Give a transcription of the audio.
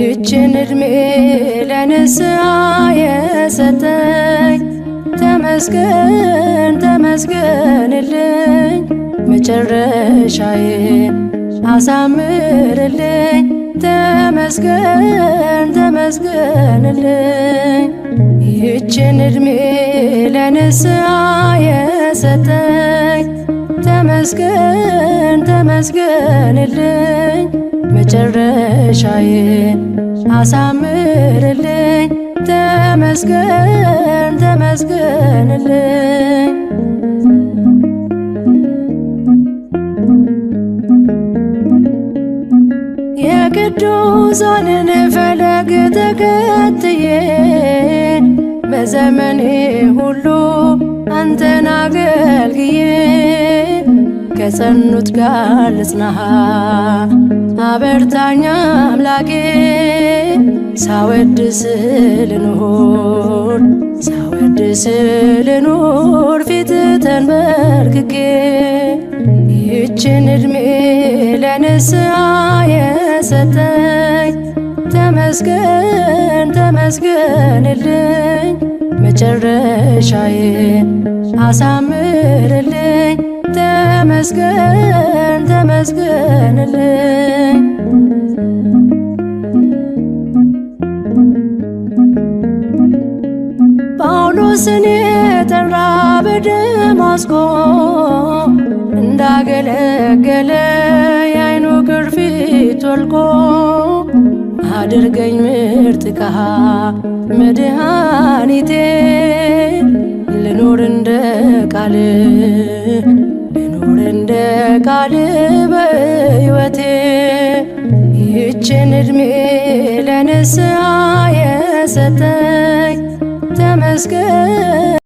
ይችን እድሜ ለንስሐ የሰጠኝ ተመስገን ተመስገንልኝ፣ መጨረሻዬን አሳምርልኝ። ተመስገን ተመስገንልኝ፣ ይችን እድሜ ለንስሐ የሰጠኝ ተመስገን ተመስገንልኝ መጨረሻዬን አሳምርልኝ። ተመስገን ተመስገንልኝ የቅዱሳንን ፈለግ ተከትዬ በዘመኔ ሁሉ አንተን አገልግዬ ከጸኑት ጋር ልጽናሃ አበርታኝ አምላኬ ሳወድስ ልኑር ሳወድስ ልኑር ፊት ተንበርክኬ ይችን እድሜ ለንስሐ የሰጠኝ ተመስገን ተመስገንልኝ መጨረሻዬን አሳምርልኝ ተመስገን ተመስገንልኝ ጳውሎስን የተራ በደማስቆ እንዳገለገለ የአይኑ ግርፊት ወልቆ አድርገኝ ምርጥ ካህን መድኃኒቴ ልኖር እንደ ቃል ፈቃድ በሕይወቴ ይህችን ዕድሜ ለንስሐ የሰጠኝ ተመስገን